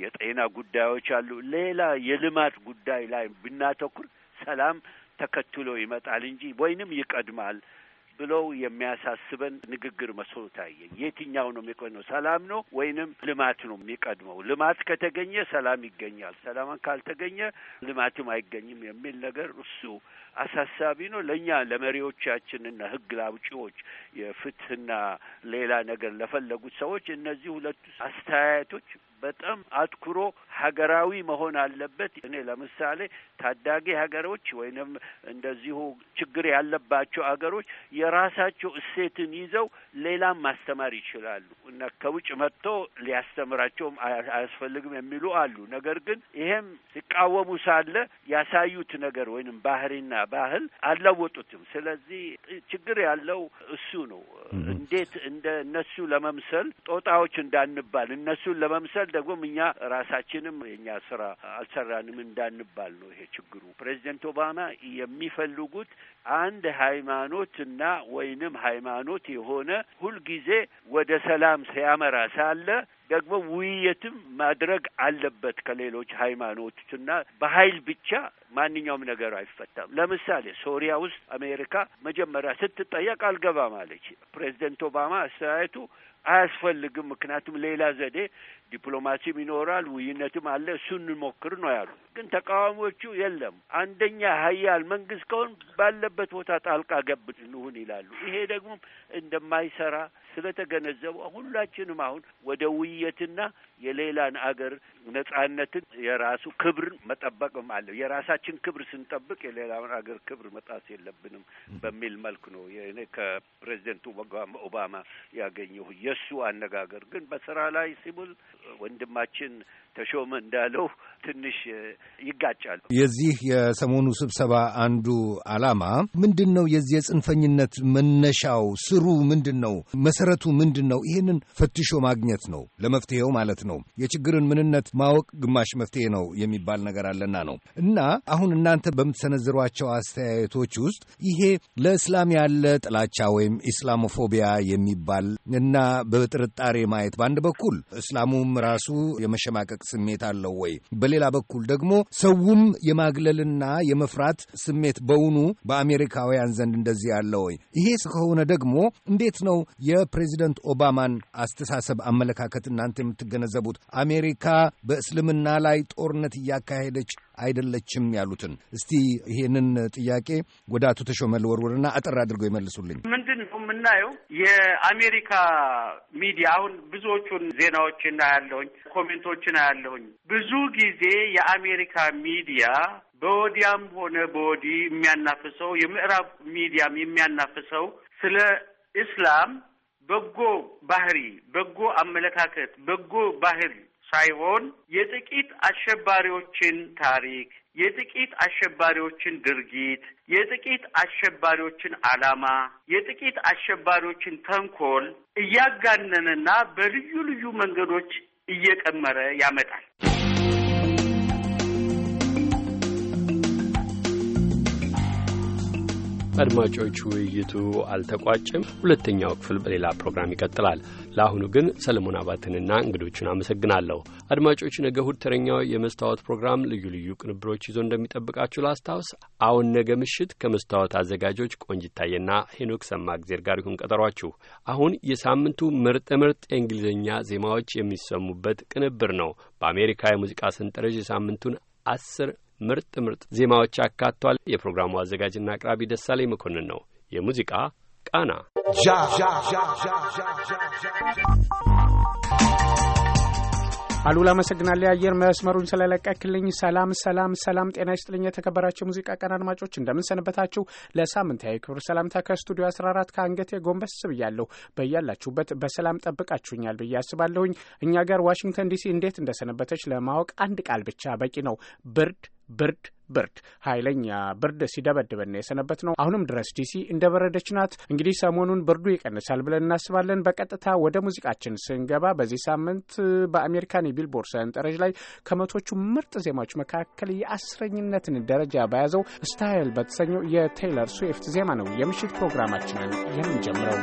የጤና ጉዳዮች አሉ። ሌላ የልማት ጉዳይ ላይ ብናተኩር ሰላም ተከትሎ ይመጣል እንጂ ወይንም ይቀድማል ብለው የሚያሳስበን ንግግር መስሎ ታየኝ። የትኛው ነው የሚቀድመው? ሰላም ነው ወይንም ልማት ነው የሚቀድመው? ልማት ከተገኘ ሰላም ይገኛል፣ ሰላምን ካልተገኘ ልማትም አይገኝም የሚል ነገር እሱ አሳሳቢ ነው ለእኛ ለመሪዎቻችንና ህግ ላውጪዎች የፍትህና ሌላ ነገር ለፈለጉት ሰዎች እነዚህ ሁለቱ አስተያየቶች በጣም አትኩሮ ሀገራዊ መሆን አለበት። እኔ ለምሳሌ ታዳጊ ሀገሮች ወይንም እንደዚሁ ችግር ያለባቸው ሀገሮች የራሳቸው እሴትን ይዘው ሌላም ማስተማር ይችላሉ እና ከውጭ መጥቶ ሊያስተምራቸውም አያስፈልግም የሚሉ አሉ። ነገር ግን ይሄም ሲቃወሙ ሳለ ያሳዩት ነገር ወይንም ባህሪና ባህል አልለወጡትም። ስለዚህ ችግር ያለው እሱ ነው። እንዴት እንደ እነሱ ለመምሰል ጦጣዎች እንዳንባል እነሱን ለመምሰል ደግሞ እኛ ራሳችንም የእኛ ስራ አልሰራንም እንዳንባል ነው ይሄ ችግሩ። ፕሬዚደንት ኦባማ የሚፈልጉት አንድ ሃይማኖት እና ወይንም ሃይማኖት የሆነ ሁልጊዜ ወደ ሰላም ሲያመራ ሳለ ደግሞ ውይይትም ማድረግ አለበት ከሌሎች ሃይማኖቶች እና በኃይል ብቻ ማንኛውም ነገር አይፈታም። ለምሳሌ ሶሪያ ውስጥ አሜሪካ መጀመሪያ ስትጠየቅ አልገባም አለች። ፕሬዚደንት ኦባማ አስተያየቱ አያስፈልግም። ምክንያቱም ሌላ ዘዴ ዲፕሎማሲም ይኖራል፣ ውይይትም አለ፣ እሱን እንሞክር ነው ያሉ። ግን ተቃዋሚዎቹ የለም፣ አንደኛ ሀያል መንግስት ከሆን ባለበት ቦታ ጣልቃ ገብ እንሁን ይላሉ። ይሄ ደግሞ እንደማይሰራ ስለተገነዘቡ ሁላችንም አሁን ወደ ውይይትና የሌላን አገር ነጻነትን የራሱ ክብር መጠበቅም አለ። የራሳችን ክብር ስንጠብቅ የሌላውን አገር ክብር መጣስ የለብንም በሚል መልክ ነው እኔ ከፕሬዚደንቱ ኦባማ ያገኘሁ። የእሱ አነጋገር ግን በስራ ላይ ሲውል ወንድማችን ተሾመ እንዳለው ትንሽ ይጋጫሉ። የዚህ የሰሞኑ ስብሰባ አንዱ ዓላማ ምንድን ነው? የዚህ የጽንፈኝነት መነሻው ስሩ ምንድን ነው? መሰረቱ ምንድን ነው? ይህንን ፈትሾ ማግኘት ነው ለመፍትሄው ማለት ነው። የችግርን ምንነት ማወቅ ግማሽ መፍትሄ ነው የሚባል ነገር አለና ነው እና አሁን እናንተ በምትሰነዝሯቸው አስተያየቶች ውስጥ ይሄ ለእስላም ያለ ጥላቻ ወይም ኢስላሞፎቢያ የሚባል እና በጥርጣሬ ማየት በአንድ በኩል እስላሙም ራሱ የመሸማቀቅ ስሜት አለው ወይ? በሌላ በኩል ደግሞ ሰውም የማግለልና የመፍራት ስሜት በውኑ በአሜሪካውያን ዘንድ እንደዚህ ያለ ወይ? ይሄ ከሆነ ደግሞ እንዴት ነው የፕሬዚደንት ኦባማን አስተሳሰብ አመለካከት እናንተ የምትገነዘቡት? አሜሪካ በእስልምና ላይ ጦርነት እያካሄደች አይደለችም ያሉትን እስቲ ይሄንን ጥያቄ ወደ አቶ ተሾመ ልወርውርና አጠር አድርገው ይመልሱልኝ። ምንድን ነው የምናየው የአሜሪካ ሚዲያ አሁን ብዙዎቹን ዜናዎችን አያለሁኝ፣ ኮሜንቶችን አለሁኝ። ብዙ ጊዜ የአሜሪካ ሚዲያ በወዲያም ሆነ በወዲህ የሚያናፍሰው የምዕራብ ሚዲያም የሚያናፍሰው ስለ እስላም በጎ ባህሪ፣ በጎ አመለካከት፣ በጎ ባህል ሳይሆን የጥቂት አሸባሪዎችን ታሪክ፣ የጥቂት አሸባሪዎችን ድርጊት፣ የጥቂት አሸባሪዎችን ዓላማ፣ የጥቂት አሸባሪዎችን ተንኮል እያጋነንና በልዩ ልዩ መንገዶች እየጨመረ ያመጣል። አድማጮች፣ ውይይቱ አልተቋጭም። ሁለተኛው ክፍል በሌላ ፕሮግራም ይቀጥላል። ለአሁኑ ግን ሰለሞን አባትንና እንግዶቹን አመሰግናለሁ። አድማጮች፣ ነገ እሁድ ተረኛው የመስታወት ፕሮግራም ልዩ ልዩ ቅንብሮች ይዞ እንደሚጠብቃችሁ ላስታውስ። አሁን ነገ ምሽት ከመስታወት አዘጋጆች ቆንጅታየና ሄኖክ ሰማእግዜር ጋር ይሁን ቀጠሯችሁ። አሁን የሳምንቱ ምርጥ ምርጥ የእንግሊዝኛ ዜማዎች የሚሰሙበት ቅንብር ነው። በአሜሪካ የሙዚቃ ሰንጠረዥ የሳምንቱን አስር ምርጥ ምርጥ ዜማዎች አካቷል። የፕሮግራሙ አዘጋጅና አቅራቢ ደሳሌ መኮንን ነው። የሙዚቃ ቃና አሉላ፣ አመሰግናለሁ የአየር መስመሩን ስለለቀክልኝ። ሰላም ሰላም ሰላም፣ ጤና ይስጥልኝ። የተከበራቸው የሙዚቃ ቀን አድማጮች ሰንበታችሁ ለሳምንታዊ ክብር ሰላምታ ከስቱዲዮ 14 ከአንገቴ ጎንበስ ብያለሁ። በያላችሁበት በሰላም ጠብቃችሁኛል ብዬ አስባለሁኝ። እኛ ጋር ዋሽንግተን ዲሲ እንዴት እንደሰነበተች ለማወቅ አንድ ቃል ብቻ በቂ ነው፣ ብርድ ብርድ ብርድ ኃይለኛ ብርድ ሲደበድበን የሰነበት ነው። አሁንም ድረስ ዲሲ እንደ በረደች ናት። እንግዲህ ሰሞኑን ብርዱ ይቀንሳል ብለን እናስባለን። በቀጥታ ወደ ሙዚቃችን ስንገባ በዚህ ሳምንት በአሜሪካን የቢልቦርድ ሰንጠረዥ ላይ ከመቶቹ ምርጥ ዜማዎች መካከል የአስረኝነትን ደረጃ በያዘው ስታይል በተሰኘው የቴይለር ስዊፍት ዜማ ነው የምሽት ፕሮግራማችንን የምንጀምረው።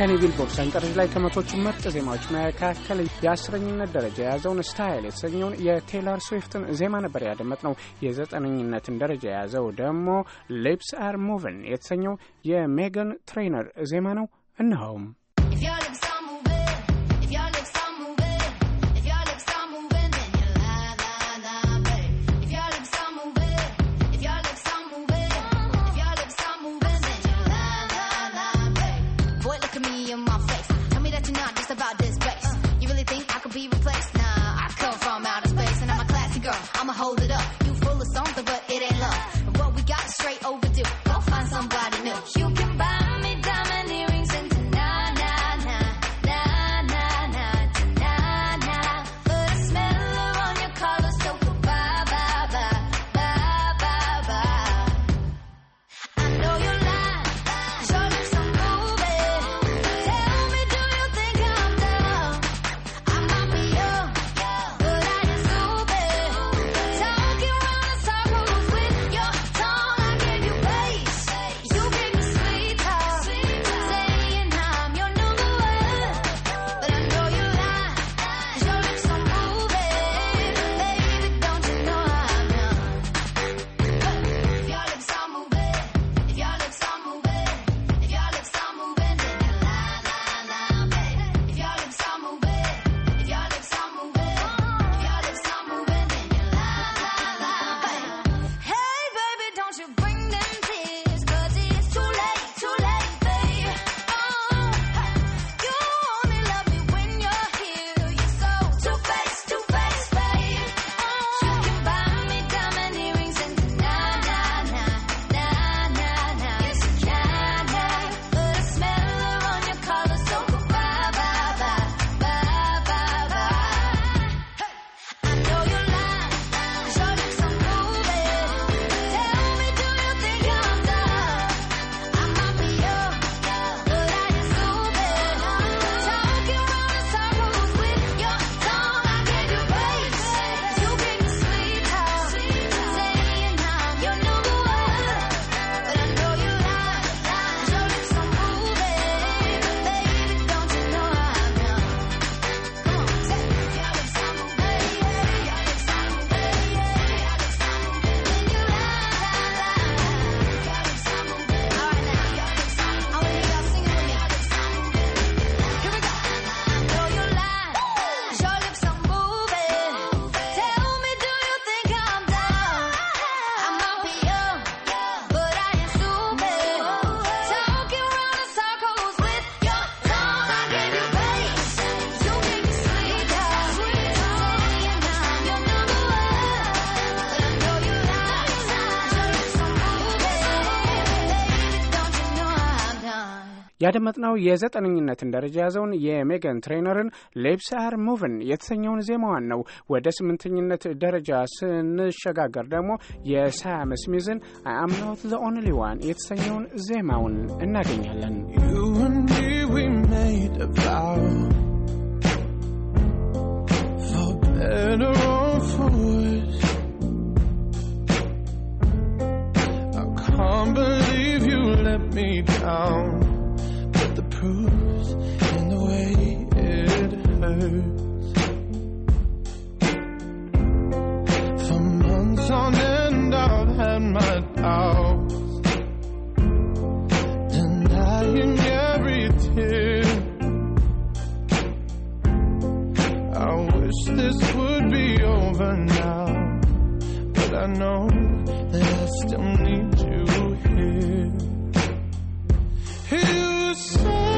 ከኔ ቢልቦርድ ሰንጠረዥ ላይ ከመቶቹ ምርጥ ዜማዎች መካከል የአስረኝነት ደረጃ የያዘውን ስታይል የተሰኘውን የቴይለር ስዊፍትን ዜማ ነበር ያደመጥ ነው። የዘጠነኝነትን ደረጃ የያዘው ደግሞ ሊፕስ አር ሙቭን የተሰኘው የሜገን ትሬነር ዜማ ነው። እነኸውም ያደመጥነው የዘጠነኝነትን ደረጃ ያዘውን የሜገን ትሬነርን ሌፕሳር ሙቭን የተሰኘውን ዜማዋን ነው። ወደ ስምንተኝነት ደረጃ ስንሸጋገር ደግሞ የሳም ስሚዝን አም ኖት ዘ ኦንሊ ዋን የተሰኘውን ዜማውን እናገኛለን። Can't believe you let me down. proves in the way it hurts. For months on end, I've had my doubts, denying every tear. I wish this would be over now, but I know that I still need you here. Here say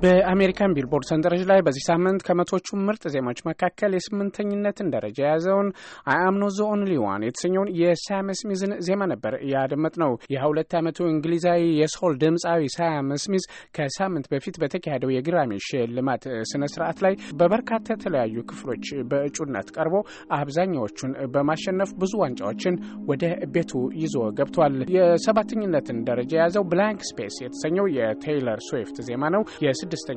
به የአሜሪካን ቢልቦርድ ሰንጠረዥ ላይ በዚህ ሳምንት ከመቶቹ ምርጥ ዜማዎች መካከል የስምንተኝነትን ደረጃ የያዘውን አይ ዘ ኦንሊ ዋን የተሰኘውን የሳም ስሚዝን ዜማ ነበር ያደመጥ ነው። የሁለት ዓመቱ እንግሊዛዊ የሶል ድምፃዊ ሳም ስሚዝ ከሳምንት በፊት በተካሄደው የግራሚ ሽልማት ስነ ስርዓት ላይ በበርካታ የተለያዩ ክፍሎች በእጩነት ቀርቦ አብዛኛዎቹን በማሸነፍ ብዙ ዋንጫዎችን ወደ ቤቱ ይዞ ገብቷል። የሰባተኝነትን ደረጃ የያዘው ብላንክ ስፔስ የተሰኘው የቴይለር ስዊፍት ዜማ ነው። የስድስተኛ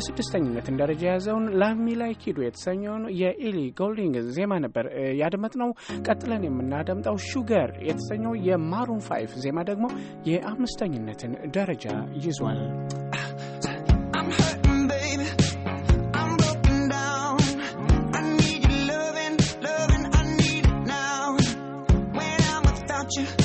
የስድስተኝነትን ደረጃ የያዘውን ላሚ ሚ ላይክ የተሰኘውን የኢሊ ጎልዲንግ ዜማ ነበር ያደመጥነው። ቀጥለን የምናደምጠው ሹገር የተሰኘው የማሩን ፋይፍ ዜማ ደግሞ የአምስተኝነትን ደረጃ ይዟል። you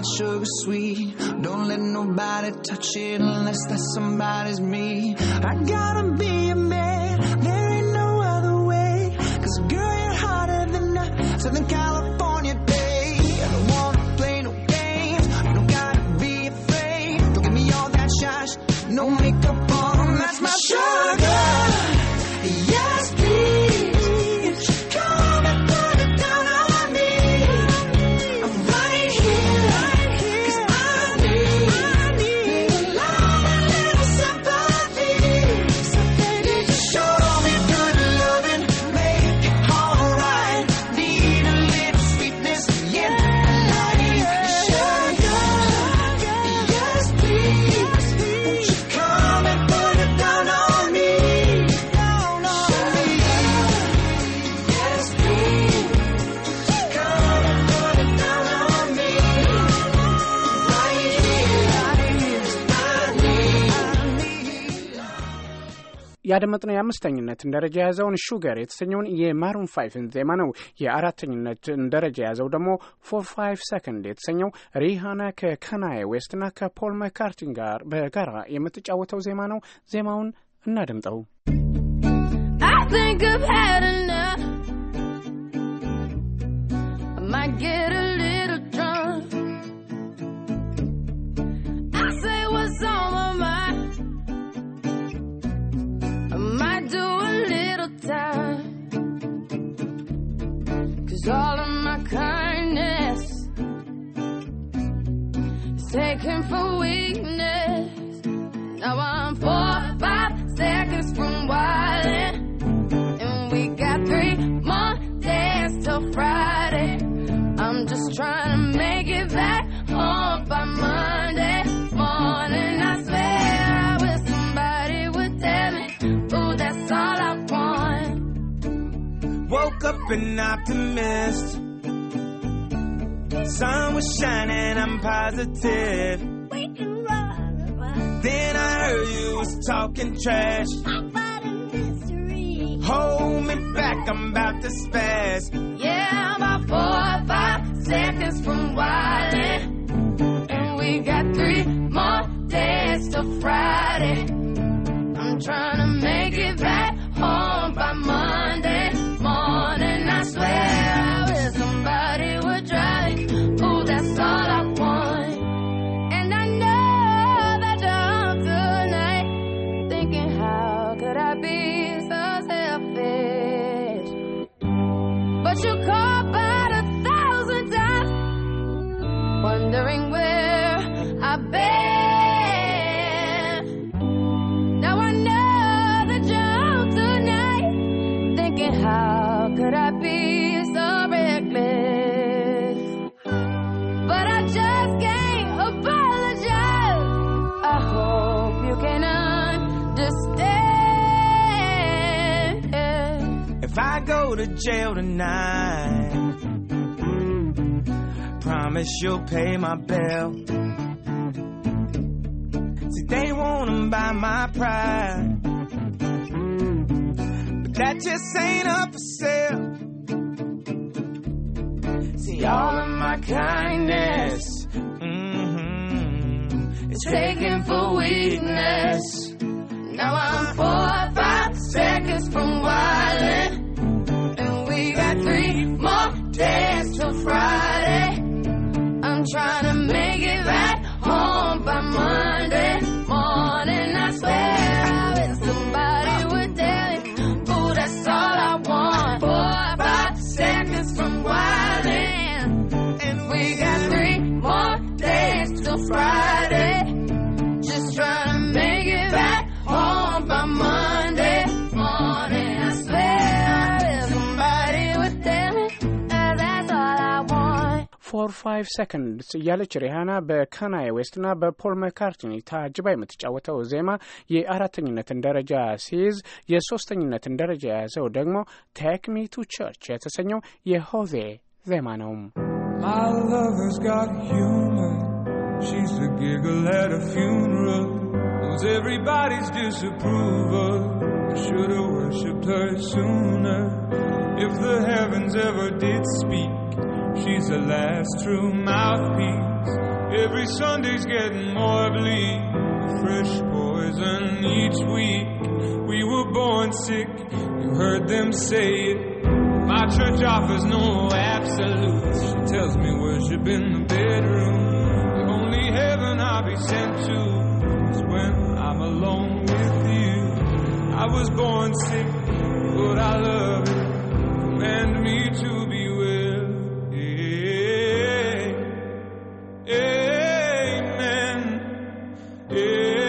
that sugar sweet. Don't let nobody touch it unless that somebody's me. I gotta be. ያደመጥነው የአምስተኝነትን ደረጃ የያዘውን ሹገር የተሰኘውን የማሩን ፋይፍን ዜማ ነው። የአራተኝነትን ደረጃ የያዘው ደግሞ ፎር ፋይቭ ሰከንድ የተሰኘው ሪሃና ዌስት ዌስትና ከፖል መካርቲን ጋር በጋራ የምትጫወተው ዜማ ነው። ዜማውን እናደምጠው። on my I do a little time. Cause all of my kindness is taken for weakness. Now I'm four, five seconds from wildin'. And we got three more days till Friday. I'm just trying to an optimist. Sun was shining, I'm positive. Then I heard you was talking trash. Hold me back, I'm about to spaz. Yeah, I'm about four or five seconds from wildin'. And we got three more days till Friday. I'm trying to make it back home by Monday. jail tonight. Promise you'll pay my bill. See, they wanna buy my pride. But that just ain't up for sale. See, all of my kindness mm-hmm, is taken for weakness. Now I'm four or five seconds from wildin' three more days till Friday. I'm trying to make it back home by Monday morning. I swear I wish somebody would tell me, Ooh, that's all I want. Four, five seconds from wildin', and we got three more days till Friday. ፎር ፋይቭ ሰከንድስ እያለች ሪሃና በካናይ ዌስትና በፖል መካርትኒ ታጅባ የምትጫወተው ዜማ የአራተኝነትን ደረጃ ሲይዝ የሶስተኝነትን ደረጃ የያዘው ደግሞ ቴክ ሚ ቱ ቸርች የተሰኘው የሆዜ ዜማ ነው። My lover's got humor. She's a giggle at a funeral. Knows everybody's disapproval. I should have worshipped her sooner. If the heavens ever did speak. She's the last true mouthpiece. Every Sunday's getting more bleak. Fresh poison each week. We were born sick, you heard them say it. My church offers no absolutes. She tells me worship in the bedroom. The only heaven I'll be sent to is when I'm alone with you. I was born sick, but I love it. Command me to be Amen. Amen.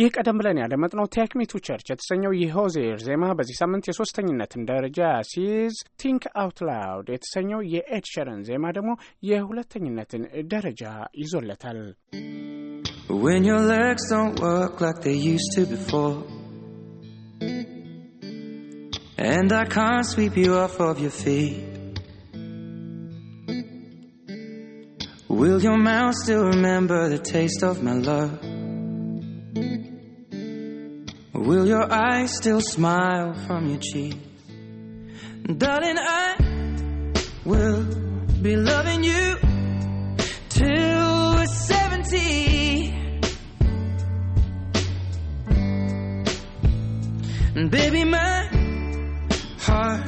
ይህ ቀደም ብለን ያደመጥነው ቴክሚቱ ቸርች የተሰኘው የሆዜር ዜማ በዚህ ሳምንት የሶስተኝነትን ደረጃ ሲይዝ፣ ቲንክ አውት ላውድ የተሰኘው የኤድሸረን ዜማ ደግሞ የሁለተኝነትን ደረጃ ይዞለታል። And I can't sweep you off of your feet. Will your Will your eyes still smile from your cheek? Darling, I will be loving you till we're 70. And baby, my heart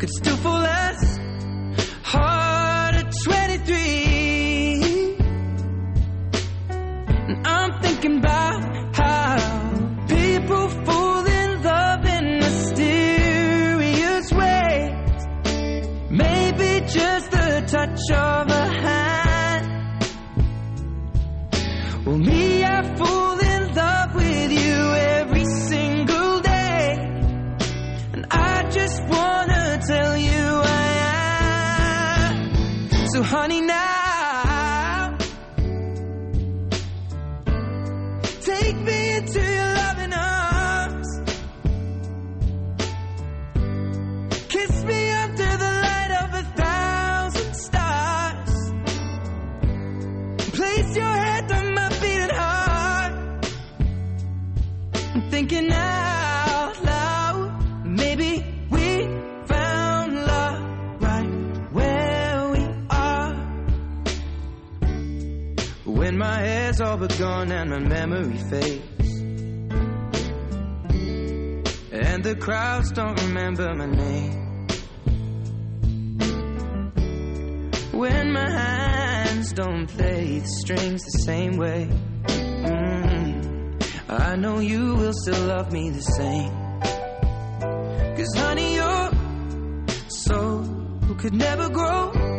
could still fall as hard at 23. And I'm thinking about touch of a hand will meet my hair's all but gone and my memory fades. And the crowds don't remember my name. When my hands don't play the strings the same way, mm I know you will still love me the same. Cause honey, your soul could never grow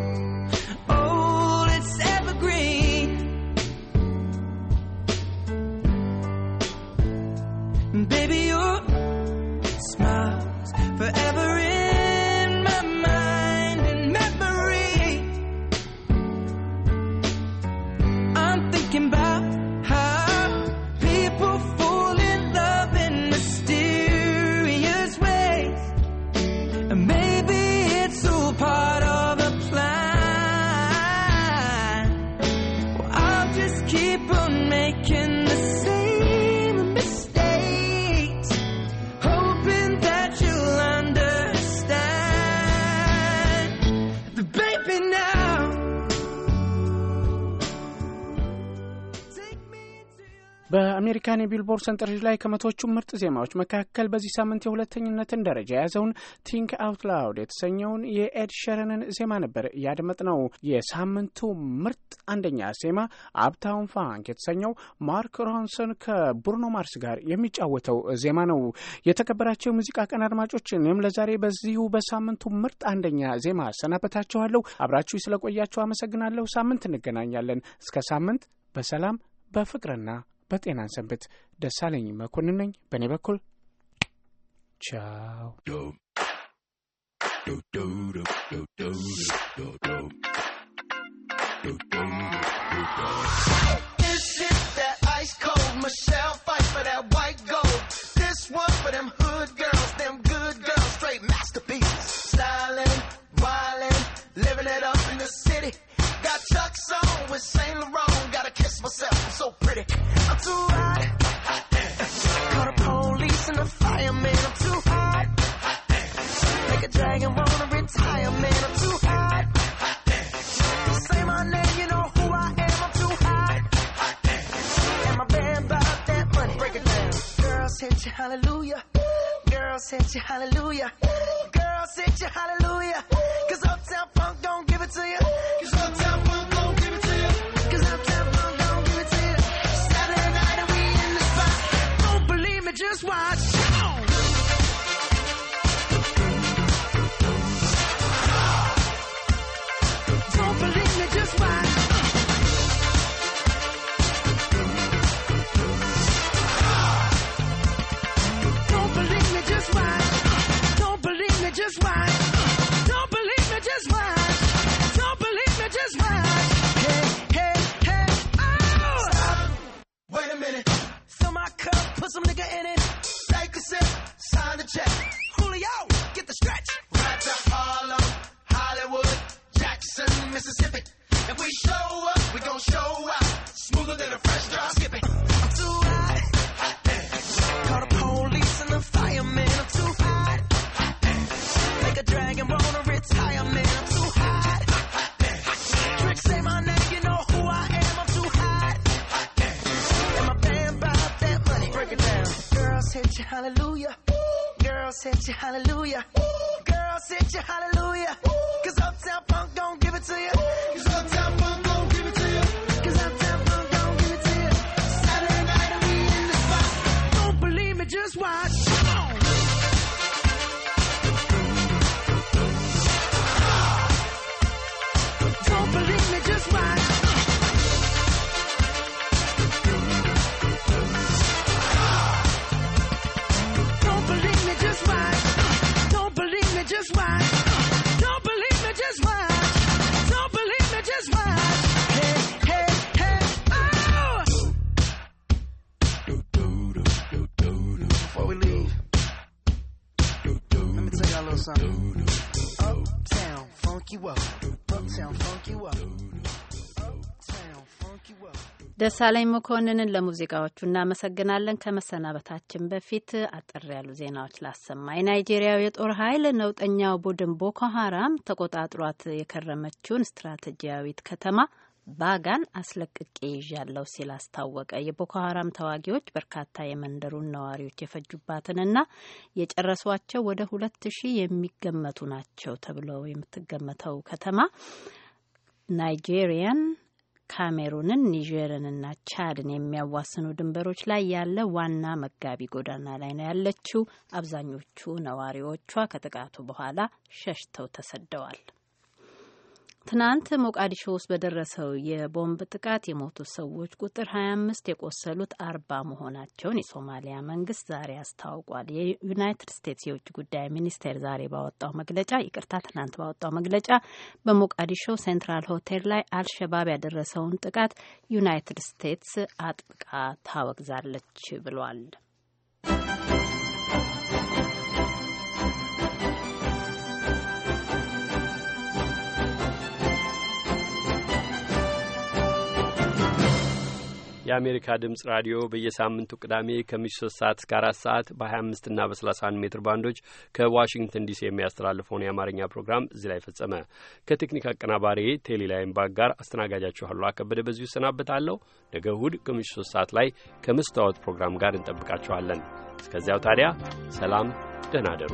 አሜሪካን የቢልቦርድ ሰንጠረዥ ላይ ከመቶቹ ምርጥ ዜማዎች መካከል በዚህ ሳምንት የሁለተኝነትን ደረጃ የያዘውን ቲንክ አውት ላውድ የተሰኘውን የኤድ ሸረንን ዜማ ነበር እያደመጥ ነው። የሳምንቱ ምርጥ አንደኛ ዜማ አፕታውን ፋንክ የተሰኘው ማርክ ሮንሰን ከቡርኖ ማርስ ጋር የሚጫወተው ዜማ ነው። የተከበራቸው የሙዚቃ ቀን አድማጮች፣ እኔም ለዛሬ በዚሁ በሳምንቱ ምርጥ አንደኛ ዜማ አሰናበታችኋለሁ። አብራችሁ ስለቆያችሁ አመሰግናለሁ። ሳምንት እንገናኛለን። እስከ ሳምንት በሰላም በፍቅርና በጤናን ሰንበት። ደሳለኝ መኮንን ነኝ። በእኔ በኩል ቻው። This is that ice cold Michelle fight for that white gold. This one for them hood girls, them good girls, straight masterpieces. Stylin', wildin', living it up in the city. Got Chuck's on with Saint Laurent myself. I'm so pretty. I'm too hot. Call the police and the fireman. I'm too hot. Make a dragon wanna retire, man. I'm too hot. Say my name, you know who I am. I'm too hot. And my band bought that money. Break it down. Girls hit you, hallelujah. Girls hit you, hallelujah. Girls hit you, hallelujah. Cause Uptown Funk don't give it to you. Cause Uptown sent you hallelujah. Girl sent you hallelujah. Cause Uptown Funk don't give it to you. Cause Uptown ደሳለኝ መኮንንን ለሙዚቃዎቹ እናመሰግናለን። ከመሰናበታችን በፊት አጠር ያሉ ዜናዎች ላሰማ። የናይጄሪያው የጦር ኃይል ነውጠኛው ቡድን ቦኮ ሀራም ተቆጣጥሯት የከረመችውን ስትራቴጂያዊት ከተማ ባጋን አስለቅቄ ይዣለሁ ሲል አስታወቀ። የቦኮ ሀራም ተዋጊዎች በርካታ የመንደሩን ነዋሪዎች የፈጁባትንና የጨረሷቸው ወደ ሁለት ሺህ የሚገመቱ ናቸው ተብለው የምትገመተው ከተማ ናይጄሪያን ካሜሩንን፣ ኒጀርንና ቻድን የሚያዋስኑ ድንበሮች ላይ ያለ ዋና መጋቢ ጎዳና ላይ ነው ያለችው። አብዛኞቹ ነዋሪዎቿ ከጥቃቱ በኋላ ሸሽተው ተሰደዋል። ትናንት ሞቃዲሾ ውስጥ በደረሰው የቦምብ ጥቃት የሞቱት ሰዎች ቁጥር 25 የቆሰሉት አርባ መሆናቸውን የሶማሊያ መንግስት ዛሬ አስታውቋል። የዩናይትድ ስቴትስ የውጭ ጉዳይ ሚኒስቴር ዛሬ ባወጣው መግለጫ ይቅርታ፣ ትናንት ባወጣው መግለጫ በሞቃዲሾ ሴንትራል ሆቴል ላይ አልሸባብ ያደረሰውን ጥቃት ዩናይትድ ስቴትስ አጥብቃ ታወግዛለች ብሏል። የአሜሪካ ድምጽ ራዲዮ በየሳምንቱ ቅዳሜ ከምሽቱ ሶስት ሰዓት እስከ አራት ሰዓት በሀያ አምስት ና በሰላሳ አንድ ሜትር ባንዶች ከዋሽንግተን ዲሲ የሚያስተላልፈውን የአማርኛ ፕሮግራም እዚህ ላይ ፈጸመ። ከቴክኒክ አቀናባሪ ቴሌላይም ባግ ጋር አስተናጋጃችኋሉ አከበደ በዚሁ እሰናበታለሁ። ነገ እሁድ ከምሽቱ ሶስት ሰዓት ላይ ከመስታወት ፕሮግራም ጋር እንጠብቃችኋለን። እስከዚያው ታዲያ ሰላም፣ ደህና ደሩ።